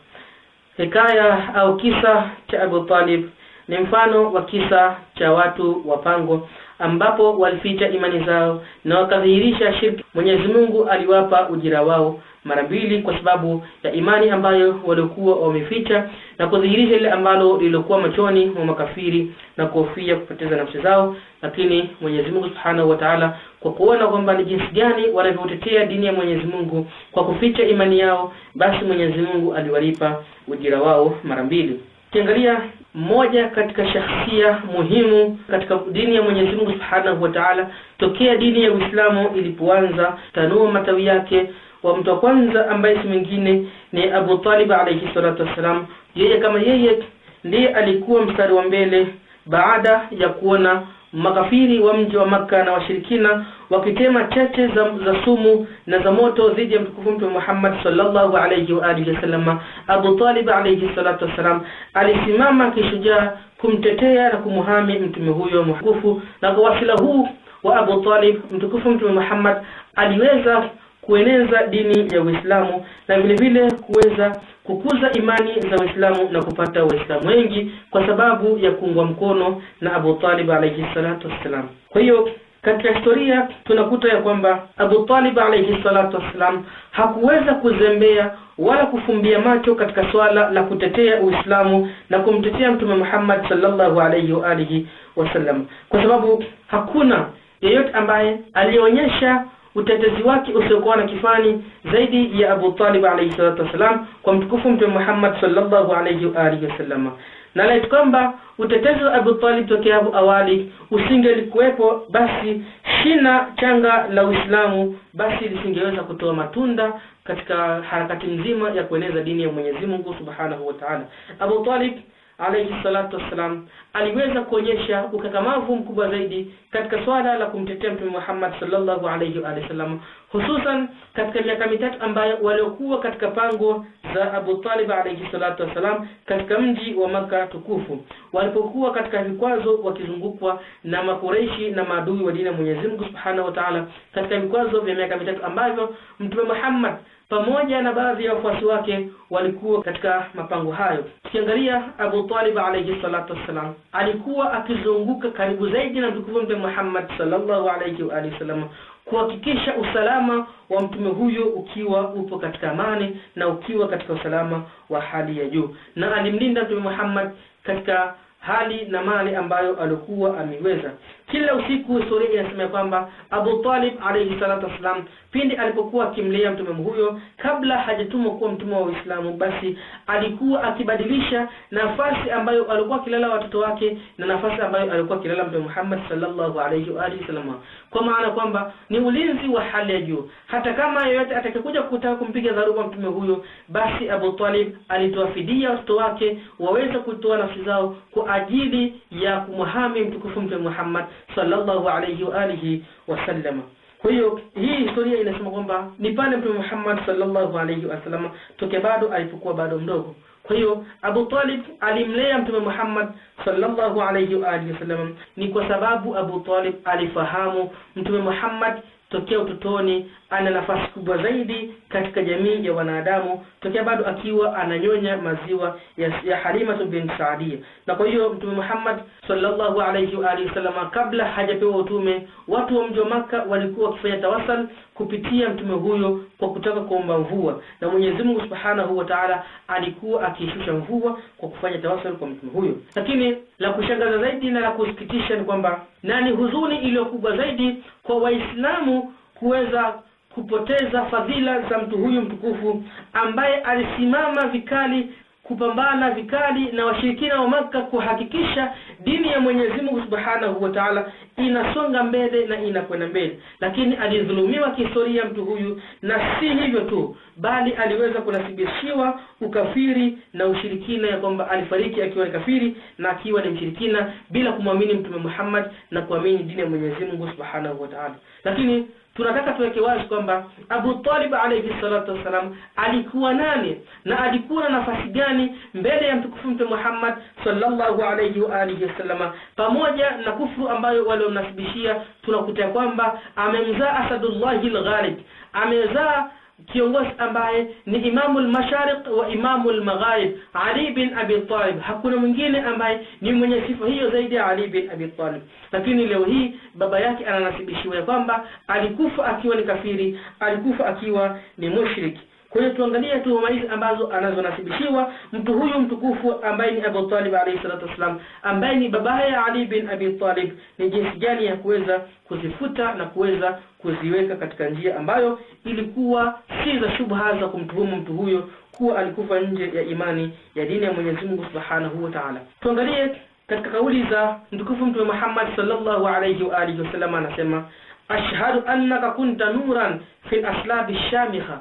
hikaya au kisa cha Abu Talib ni mfano wa kisa cha watu wa pango ambapo walificha imani zao na wakadhihirisha shirki. Mwenyezi Mungu aliwapa ujira wao mara mbili kwa sababu ya imani ambayo walikuwa wameficha na kudhihirisha lile ambalo lilikuwa machoni mwa makafiri na kuhofia kupoteza nafsi zao. Lakini Mwenyezi Mungu Subhanahu wa Ta'ala, kwa kuona kwamba ni jinsi gani wanavyotetea dini ya Mwenyezi Mungu kwa kuficha imani yao, basi Mwenyezi Mungu aliwalipa ujira wao mara mbili. Ukiangalia moja katika shahsia muhimu katika dini ya Mwenyezi Mungu Subhanahu wa Ta'ala tokea dini ya Uislamu ilipoanza tanua matawi yake wa mtu wa kwanza ambaye si mwingine ni Abu Talib alayhi salatu wasalam. yeye kama yeye ndiye alikuwa mstari wa mbele baada ya kuona makafiri wa mji wa Makka na washirikina wakitema chache za, za sumu na za moto dhidi ya mtukufu Mtume Muhammad sallallahu alayhi wa alihi wasallam. Abu Talib alayhi salatu wasalam alisimama kishujaa kumtetea na kumuhami mtume huyo mtukufu, na kwa wasila huu wa Abu Talib mtukufu Mtume Muhammad aliweza kueneza dini ya Uislamu na vile vile kuweza kukuza imani za uislamu na kupata Waislamu wengi kwa sababu ya kuungwa mkono na Abu Talib alayhi salatu wasalam. Kwa hiyo katika historia tunakuta ya kwamba Abu Talib alayhi salatu wassalam hakuweza kuzembea wala kufumbia macho katika swala la kutetea Uislamu na kumtetea Mtume Muhammad sallallahu alayhi wa alihi wasallam, kwa sababu hakuna yeyote ambaye alionyesha utetezi wake usiokuwa na kifani zaidi ya Abu Talib alayhi salatu wassalam kwa mtukufu Mtume Muhammad sallallahu alayhi wa alihi wasallam na laiti kwamba utetezi wa Abu Talib tokea hapo awali usingelikuwepo, basi shina changa la Uislamu basi lisingeweza kutoa matunda katika harakati nzima ya kueneza dini ya Mwenyezi Mungu Subhanahu wa Ta'ala. Abu Talib alayhi salatu wassalam aliweza kuonyesha ukakamavu mkubwa zaidi katika swala la kumtetea Mtume Muhammad sallallahu alayhi wa sallam, hususan katika miaka mitatu ambayo waliokuwa katika pango za Abu Talib alayhi salatu wasalam katika mji wa Maka tukufu walipokuwa katika vikwazo wakizungukwa na makureishi na maadui wa dini ya Mwenyezi Mungu Subhanahu wa Ta'ala katika vikwazo vya miaka mitatu ambavyo Mtume Muhammad pamoja na baadhi ya wafuasi wake walikuwa katika mapango hayo. Tukiangalia, Abu Talib alayhi salatu wassalam alikuwa akizunguka karibu zaidi na mtukufu Mtume Muhammad sallallahu alayhi wa alihi wasallam kuhakikisha usalama wa mtume huyo ukiwa upo katika amani na ukiwa katika usalama wa hali ya juu, na alimlinda mtume Muhammad katika hali na mali ambayo alikuwa ameweza. Kila usiku historia inasema kwamba Abu Talib alayhi salatu wasalam pindi alipokuwa akimlea mtume huyo kabla hajatumwa kuwa mtume wa Uislamu, basi alikuwa akibadilisha nafasi ambayo alikuwa akilala watoto wake na nafasi ambayo alikuwa akilala mtume Muhammad sallallahu alayhi wa alihi wasallam, kwa maana kwamba ni ulinzi wa hali ya juu. Hata kama yeyote atakayekuja kutaka kumpiga dharuba mtume huyo, basi Abu Talib alitoa fidia watoto wake waweze kutoa nafsi zao kwa ajili ya kumhami mtukufu mtume Muhammad sallallahu alayhi wa alihi wasallam. Kwa hiyo hii historia inasema kwamba ni pale Mtume Muhammad sallallahu alayhi wasallam toke bado alipokuwa bado mdogo. Kwa hiyo Abu Talib alimlea Mtume Muhammad sallallahu alayhi wa alihi wasallam, ni kwa sababu Abu Talib alifahamu Mtume Muhammad tokea utotoni ana nafasi kubwa zaidi katika jamii ya wanadamu tokea bado akiwa ananyonya maziwa ya, ya Halimatu bin Saadia. Na kwa hiyo Mtume Muhammad sallallahu alayhi wa alihi wasallam, kabla hajapewa utume, watu wa mji wa Maka walikuwa wakifanya tawassul kupitia mtume huyo kwa kutaka kuomba mvua, na Mwenyezi Mungu Subhanahu wa Ta'ala alikuwa akishusha mvua kwa kufanya tawassul kwa mtume huyo. Lakini la kushangaza zaidi na la kusikitisha ni kwamba, na ni huzuni iliyo kubwa zaidi kwa Waislamu kuweza kupoteza fadhila za mtu huyu mtukufu ambaye alisimama vikali kupambana vikali na washirikina wa Makka kuhakikisha dini ya Mwenyezi Mungu Subhanahu wa Ta'ala inasonga mbele na inakwenda mbele, lakini alidhulumiwa kihistoria mtu huyu, na si hivyo tu, bali aliweza kunasibishiwa ukafiri na ushirikina, ya kwamba alifariki akiwa ni kafiri na akiwa ni mshirikina bila kumwamini Mtume Muhammad na kuamini dini ya Mwenyezi Mungu Subhanahu wa Ta'ala, lakini tunataka tuweke wazi kwamba Abu Talib alayhi salatu wasalam alikuwa nani na alikuwa na nafasi gani mbele ya mtukufu Mtume Muhammad sallallahu alayhi wa alihi wasallam, Pamoja na kufuru ambayo waliomnasibishia, tunakuta kwamba amemzaa Asadullahi al-Ghalib, amezaa kiongozi ambaye ni imamu al-mashariq wa imamu al-magharib Ali bin Abi Talib. Hakuna mwingine ambaye ni mwenye sifa hiyo zaidi ya Ali bin Abi Talib, lakini leo hii baba yake ananasibishiwa kwamba alikufa akiwa ni kafiri, alikufa akiwa ni mushriki. Kwa hiyo tuangalie tuhuma hizi ambazo anazonasibishiwa mtu huyu mtukufu ambaye ni Abu Talib alayhi salatu wassalam, ambaye ni babaya Ali bin Abi Talib, ni jinsi gani ya kuweza kuzifuta na kuweza kuziweka katika njia ambayo ilikuwa si za shubha za kumtuhumu mtu huyo kuwa alikufa nje ya imani ya dini ya Mwenyezi Mungu Subhanahu wa Ta'ala. Tuangalie katika kauli za mtukufu Mtume Muhammad sallallahu alayhi wa alihi wasallam, anasema ashhadu annaka kunta nuran fi aslabi shamikha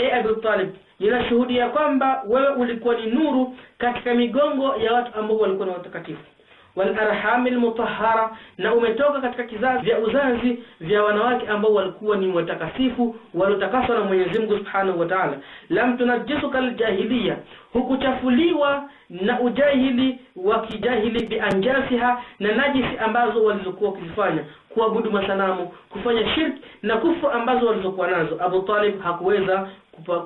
e eh, Abu Talib ninashuhudia kwamba wewe ulikuwa ni nuru katika migongo ya watu ambao walikuwa na watakatifu walarhami almutahhara, na umetoka katika kizazi vya uzazi vya wanawake ambao walikuwa ni watakasifu waliotakaswa na Mwenyezi Mungu Subhanahu wa Ta'ala. Lam tunajisuka aljahiliya, hukuchafuliwa na ujahili wa kijahili bianjasiha, na najisi ambazo walizokuwa wakizifanya kuabudu masanamu, kufanya shirki na kufu ambazo walizokuwa nazo. Abu Talib hakuweza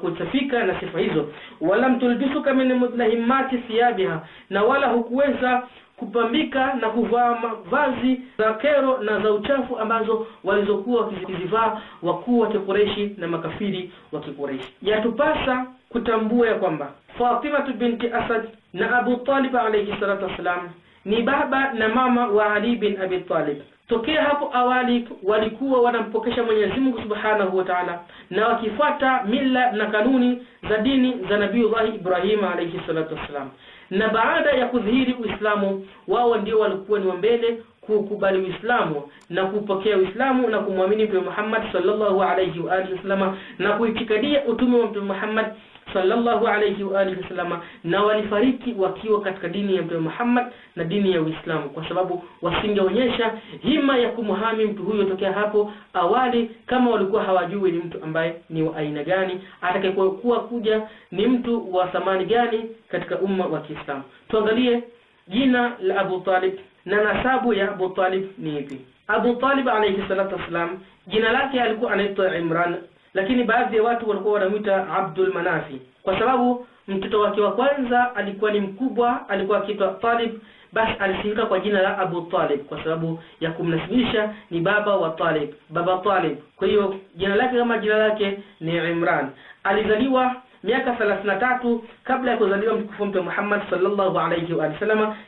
kusafika na sifa hizo. Walam tulbisuka min mudlahimati thiyabiha, na wala hukuweza kupambika na kuvaa mavazi za kero na za uchafu ambazo walizokuwa wakizivaa wakuu wa Kikureshi na makafiri wa Kikureshi. Yatupasa kutambua ya kwamba Fatima binti Asad na Abu Talib alayhi salatu wassalam ni baba na mama wa Ali bin Abi Talib. Tokea hapo awali walikuwa wanampokesha Mwenyezi Mungu Subhanahu wa Ta'ala na wakifuata mila na kanuni za dini za Nabii Ibrahim alayhi salatu wassalam na baada ya kudhihiri Uislamu wao ndio walikuwa ni wa mbele kukubali Uislamu na kupokea Uislamu na kumwamini Mtume Muhammad sallallahu alayhi wa alihi wasallam na kuitikadia utume wa Mtume Muhammad sallallahu alayhi wa alihi wasallam, na walifariki wakiwa katika dini ya Mtume Muhammad na dini ya Uislamu, kwa sababu wasingeonyesha hima ya kumhami mtu huyo tokea hapo awali, kama walikuwa hawajui ni mtu ambaye ni wa aina gani, atakayekuwa kuja ni mtu wa thamani gani katika umma wa Kiislamu. Tuangalie jina la Abu Talib na nasabu ya Abu Talib ni ipi? Abu Talib alayhi salatu wassalam, jina lake alikuwa anaitwa Imran lakini baadhi ya watu walikuwa wanamwita Abdul Manafi kwa sababu mtoto wake wa kwanza alikuwa ni mkubwa, alikuwa akiitwa Talib, basi alisimika kwa jina la Abu Talib kwa sababu ya kumnasibisha ni baba wa Talib, baba Talib. Kwa hiyo jina lake kama jina lake ni Imran. Alizaliwa miaka 33 kabla ya kuzaliwa mtukufu Mtume Muhammad sallallahu alayhi wa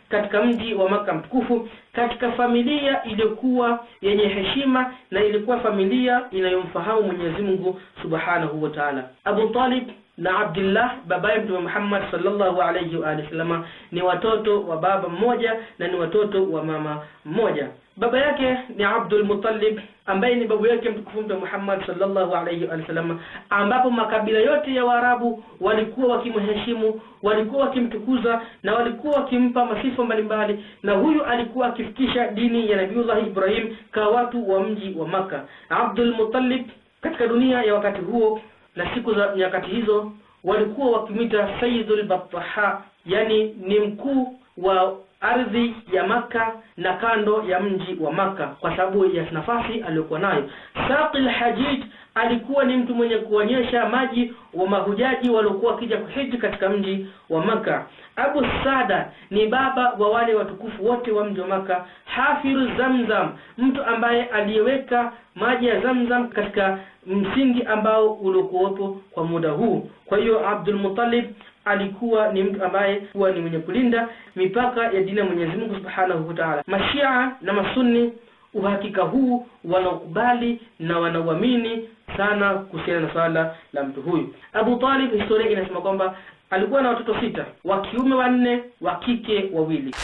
katika mji wa Maka mtukufu katika familia iliyokuwa yenye heshima na ilikuwa familia inayomfahamu Mwenyezi Mungu subhanahu wa Ta'ala. Abu Talib na Abdullah babaye Mtume Muhammad sallallahu alayhi wa sallam ni watoto wa baba mmoja na ni watoto wa mama mmoja. Baba yake ni Abdul Muttalib ambaye ni babu yake mtukufu Mtume Muhammad sallallahu alayhi wa sallam, ambapo makabila yote ya Waarabu walikuwa wakimheshimu, walikuwa wakimtukuza na walikuwa wakimpa masifa mbalimbali, na huyu alikuwa akifikisha dini ya Nabiullah Ibrahim kwa watu wa mji wa Maka. Abdul Muttalib katika dunia ya wakati huo na siku za nyakati hizo walikuwa wakimwita Sayyidul Battaha, yani ni mkuu wa ardhi ya Maka na kando ya mji wa Maka kwa sababu ya nafasi aliyokuwa nayo. Saqil Hajij alikuwa ni mtu mwenye kuonyesha maji wa mahujaji waliokuwa wakija kuhiji katika mji wa Maka. Abu Sada ni baba wa wale watukufu wote wa mji wa Maka, hafiru Zamzam, mtu ambaye aliyeweka maji ya Zamzam katika msingi ambao uliokuwepo kwa muda huu. Kwa hiyo Abdul Muttalib alikuwa ni mtu ambaye huwa ni mwenye kulinda mipaka ya dini ya Mwenyezi Mungu Subhanahu wa Ta'ala. Mashia na Masunni uhakika huu wanaokubali na wanauamini sana kuhusiana na swala la mtu huyu Abu Talib. Historia inasema kwamba alikuwa na watoto sita, wa kiume wanne, wa kike wawili.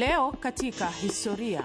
Leo katika historia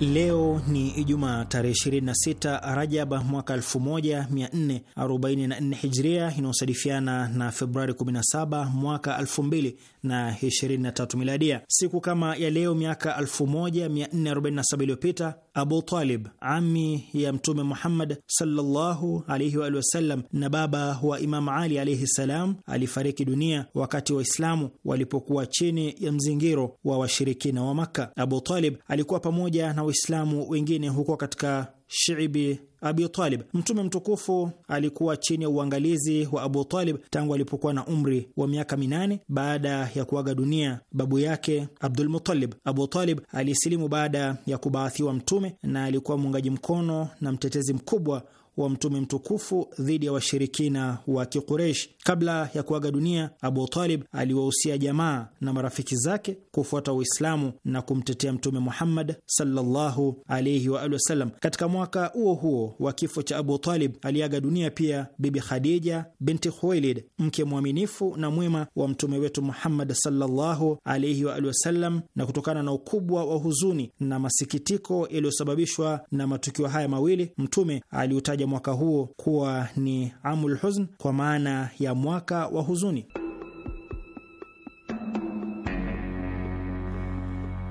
Leo ni Ijumaa tarehe 26 Rajaba mwaka 1444 Hijria, inayosadifiana na Februari 17 mwaka 2023 Miladia. Siku kama ya leo miaka 1447 iliyopita, Abu Talib, ami ya Mtume Muhammad sallallahu alaihi wa wasallam na baba wa Imam Ali alaihi salam, alifariki dunia wakati Waislamu walipokuwa chini ya mzingiro wa washirikina wa Makka. Abu Talib alikuwa pamoja na Waislamu wengine huko katika Shiibi Abi Talib. Mtume mtukufu alikuwa chini ya uangalizi wa Abu Talib tangu alipokuwa na umri wa miaka minane baada ya kuaga dunia babu yake Abdul Muttalib. Abu Talib alisilimu baada ya kubaathiwa Mtume na alikuwa muungaji mkono na mtetezi mkubwa wa mtume mtukufu dhidi ya washirikina wa Kikureish. Kabla ya kuaga dunia, Abu Talib aliwahusia jamaa na marafiki zake kufuata Uislamu na kumtetea Mtume Muhammad sallallahu alayhi wa alihi wasallam. Katika mwaka huo huo wa kifo cha Abu Talib aliaga dunia pia Bibi Khadija binti Khuwailid, mke mwaminifu na mwema wa mtume wetu Muhammad sallallahu alayhi wa alihi wasallam. Na kutokana na ukubwa wa huzuni na masikitiko yaliyosababishwa na matukio haya mawili, mtume aliutaja mwaka huo kuwa ni amul huzn kwa maana ya mwaka wa huzuni.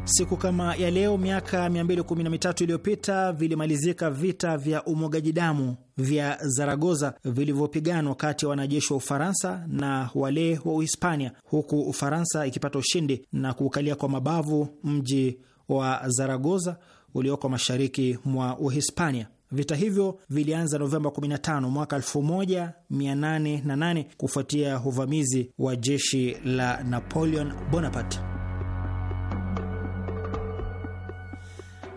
Siku kama ya leo miaka 213 iliyopita vilimalizika vita vya umwagaji damu vya Zaragoza vilivyopiganwa kati ya wanajeshi wa Ufaransa na wale wa Uhispania, huku Ufaransa ikipata ushindi na kuukalia kwa mabavu mji wa Zaragoza ulioko mashariki mwa Uhispania. Vita hivyo vilianza Novemba 15 mwaka 1808 kufuatia uvamizi wa jeshi la Napoleon Bonaparte.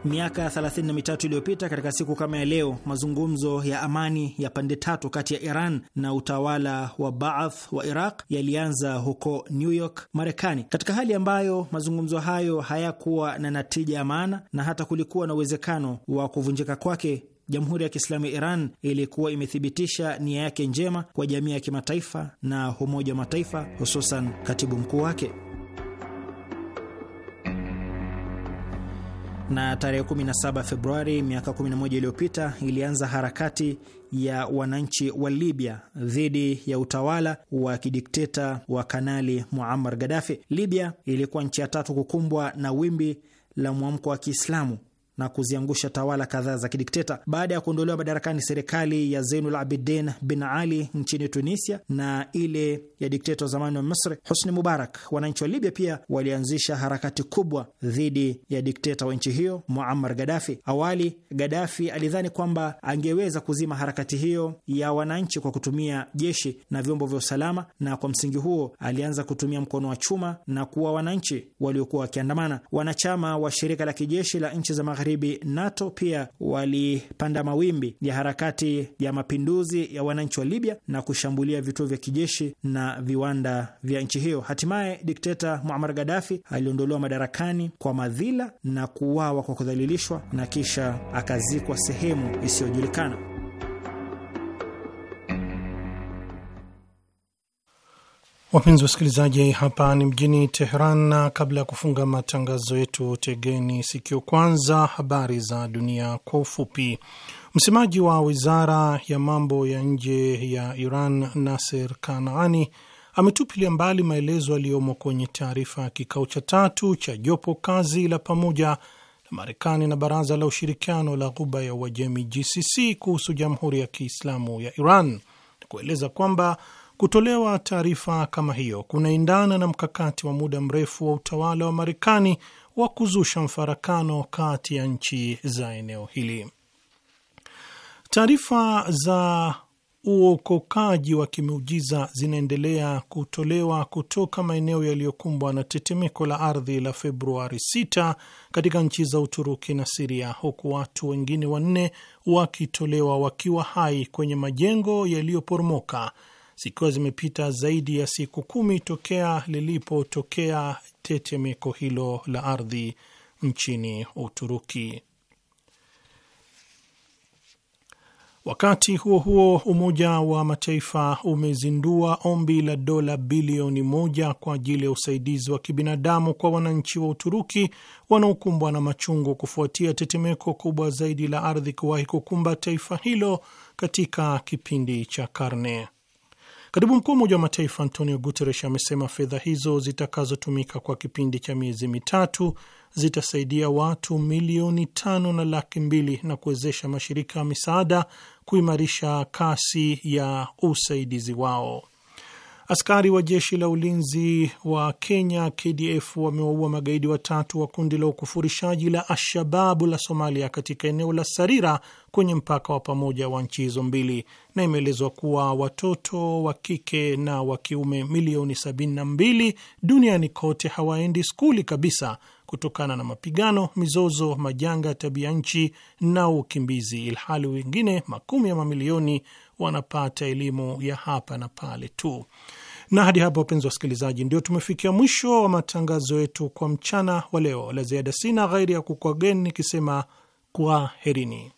Miaka 33 iliyopita katika siku kama ya leo, mazungumzo ya amani ya pande tatu kati ya Iran na utawala wa Baath wa Iraq yalianza huko New York, Marekani, katika hali ambayo mazungumzo hayo hayakuwa na natija ya maana na hata kulikuwa na uwezekano wa kuvunjika kwake Jamhuri ya Kiislamu ya Iran ilikuwa imethibitisha nia yake njema kwa jamii ya kimataifa na Umoja wa Mataifa, hususan katibu mkuu wake. Na tarehe 17 Februari miaka 11 iliyopita ilianza harakati ya wananchi wa Libya dhidi ya utawala wa kidikteta wa Kanali Muammar Gaddafi. Libya ilikuwa nchi ya tatu kukumbwa na wimbi la mwamko wa Kiislamu na kuziangusha tawala kadhaa za kidikteta. Baada ya kuondolewa madarakani serikali ya Zeinul Abidin bin Ali nchini Tunisia na ile ya dikteta wa zamani wa Misri Husni Mubarak, wananchi wa Libya pia walianzisha harakati kubwa dhidi ya dikteta wa nchi hiyo Muammar Gadafi. Awali Gadafi alidhani kwamba angeweza kuzima harakati hiyo ya wananchi kwa kutumia jeshi na vyombo vya usalama, na kwa msingi huo alianza kutumia mkono wa chuma na kuwa wananchi waliokuwa wakiandamana. Wanachama wa shirika la kijeshi la nchi za magharibi magharibi NATO pia walipanda mawimbi ya harakati ya mapinduzi ya wananchi wa Libya na kushambulia vituo vya kijeshi na viwanda vya nchi hiyo. Hatimaye dikteta Muammar Gaddafi aliondolewa madarakani kwa madhila na kuuawa kwa kudhalilishwa na kisha akazikwa sehemu isiyojulikana. Wapenzi wasikilizaji, hapa ni mjini Teheran, na kabla ya kufunga matangazo yetu, tegeni sikio kwanza habari za dunia kwa ufupi. Msemaji wa wizara ya mambo ya nje ya Iran, naser Kanaani, ametupilia mbali maelezo yaliyomo kwenye taarifa ya kikao cha tatu cha jopo kazi la pamoja la Marekani na Baraza la Ushirikiano la Ghuba ya Uajemi, GCC, kuhusu Jamhuri ya Kiislamu ya Iran na kueleza kwamba Kutolewa taarifa kama hiyo kunaendana na mkakati wa muda mrefu wa utawala wa Marekani wa kuzusha mfarakano kati ya nchi za eneo hili. Taarifa za uokokaji wa kimeujiza zinaendelea kutolewa kutoka maeneo yaliyokumbwa na tetemeko la ardhi la Februari 6 katika nchi za Uturuki na Siria, huku watu wengine wanne wakitolewa wakiwa hai kwenye majengo yaliyoporomoka zikiwa zimepita zaidi ya siku kumi tokea lilipotokea tetemeko hilo la ardhi nchini Uturuki. Wakati huo huo, Umoja wa Mataifa umezindua ombi la dola bilioni moja kwa ajili ya usaidizi wa kibinadamu kwa wananchi wa Uturuki wanaokumbwa na machungu kufuatia tetemeko kubwa zaidi la ardhi kuwahi kukumba taifa hilo katika kipindi cha karne. Katibu mkuu wa Umoja wa Mataifa Antonio Guterres amesema fedha hizo zitakazotumika kwa kipindi cha miezi mitatu zitasaidia watu milioni tano na laki mbili na kuwezesha mashirika ya misaada kuimarisha kasi ya usaidizi wao. Askari wa jeshi la ulinzi wa Kenya KDF wamewaua magaidi watatu wa kundi la ukufurishaji la Alshababu la Somalia katika eneo la Sarira kwenye mpaka wa pamoja wa nchi hizo mbili, na imeelezwa kuwa watoto wa kike na wa kiume milioni 72 duniani kote hawaendi skuli kabisa kutokana na mapigano, mizozo, majanga ya tabia nchi na ukimbizi, ilhali wengine makumi ya mamilioni wanapata elimu ya hapa na pale tu. Na hadi hapo wapenzi wasikilizaji, ndio tumefikia mwisho wa matangazo yetu kwa mchana wa leo. La ziada sina, ghairi ya kukwageni nikisema herini